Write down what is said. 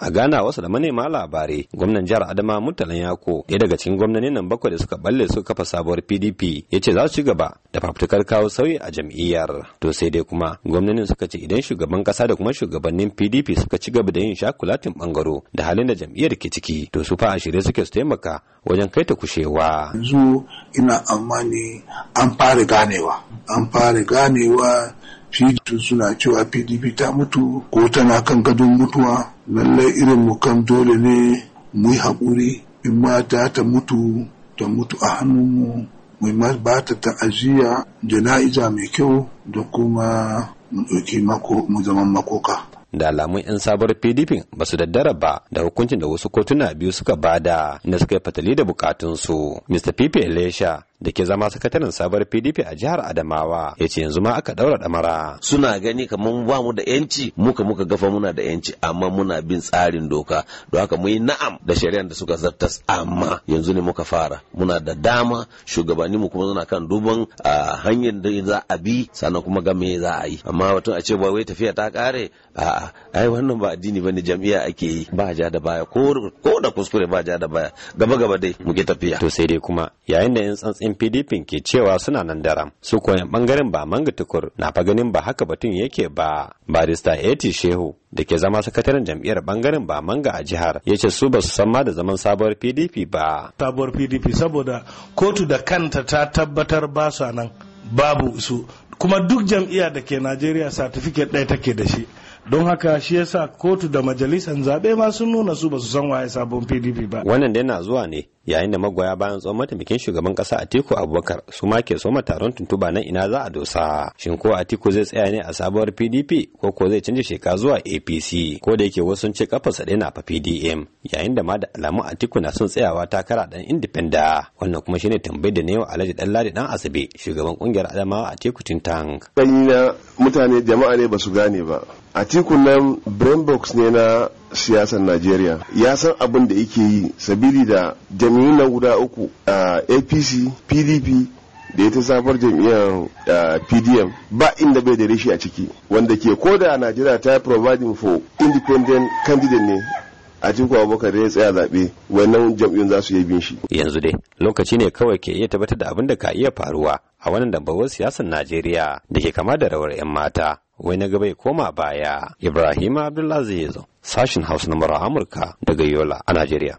a gana wasu da manema labarai gwamnan jihar adama murtalan yako ɗaya daga cikin gwamnanin nan bakwai da suka balle suka kafa sabuwar pdp ya ce za su ci gaba da fafutukar kawo sauyi a jam'iyyar to sai dai kuma gwamnanin suka ce idan shugaban kasa da kuma shugabannin pdp suka ci gaba da yin shakulatin bangaro da halin da jam'iyyar ke ciki to su fa a shirye suke su taimaka wajen kai ta kushewa yanzu ina amani an fara ganewa an fara ganewa pdp suna cewa pdp ta mutu ko tana kan gadon mutuwa lallai irin mu kan dole ne mu yi haƙuri in mata ta mutu ta mutu a hannunmu mu ma ba ta ta'aziyya jana'iza mai kyau da kuma mu ɗauki mu zaman makoka. da alamun 'yan sabuwar pdp ba su daddara ba da hukuncin da wasu kotuna biyu suka bada na suka yi fatali da bukatunsu mr pp lesha da ke zama sakataren sabar pdp a jihar adamawa ya ce yanzu ma aka daura damara suna gani kamar ba mu da yanci muka muka gafa muna da yanci amma muna bin tsarin doka don haka muyi na'am da shari'ar da suka zartas amma yanzu ne muka fara muna da dama shugabanni mu kuma suna kan duban a hanyar da za a bi sannan kuma ga me za a yi amma batun a ce ba wai tafiya ta kare a'a ai wannan ba addini bane jam'iyya ake yi ba ja da baya ko da kuskure ba ja da baya gaba gaba dai muke tafiya to sai dai kuma yayin da yan tsantsan 'yan pdp ke cewa suna nan daram su koyan bangaren ba manga tukur na fa ganin ba haka batun yake ba barista eti shehu da ke zama sakataren jam'iyyar bangaren ba manga a jihar ya ce su ba su san ma da zaman sabuwar pdp ba sabuwar pdp saboda kotu da kanta ta tabbatar ba su nan babu su kuma duk jam'iyya da ke najeriya certificate ɗaya take da shi don haka shi yasa kotu da majalisar zaɓe ma sun nuna su ba su san waye sabon pdp ba wannan dai na zuwa ne yayin da magoya bayan tsohon mataimakin shugaban kasa Atiku Abubakar su ma ke soma taron tuntuba na ina za a dosa shin ko Atiku zai tsaya ne a sabuwar PDP ko ko zai canja sheka zuwa APC ko da yake wasu sun ce kafarsa ɗaya na fa PDM yayin da ma da alamu Atiku na son tsayawa takara dan independa wannan kuma shine tambayar da ne wa Alhaji Ɗanladi Dan Asabe shugaban kungiyar Adamawa Atiku Tintang mutane jama'a ne ba gane ba Atiku nan brain box ne na siyasar najeriya ya san abin da yake yi sabili da jam'iyyu na guda uku a apc pdp da ya ta safar jami'ar pdm ba inda bai da rishi a ciki wanda ke ko koda najeriya ta providing for independent candidate ne a cikin abubakar ya tsaya zaɓe wannan jam'iyyun za su yi bin shi. yanzu dai lokaci ne kawai ke iya tabbatar da abin da ka iya faruwa a wannan dambawar siyasar najeriya da ke kama da rawar 'yan mata wai na gaba ya koma baya ibrahim zo sashin hausa na amurka daga yola a najeriya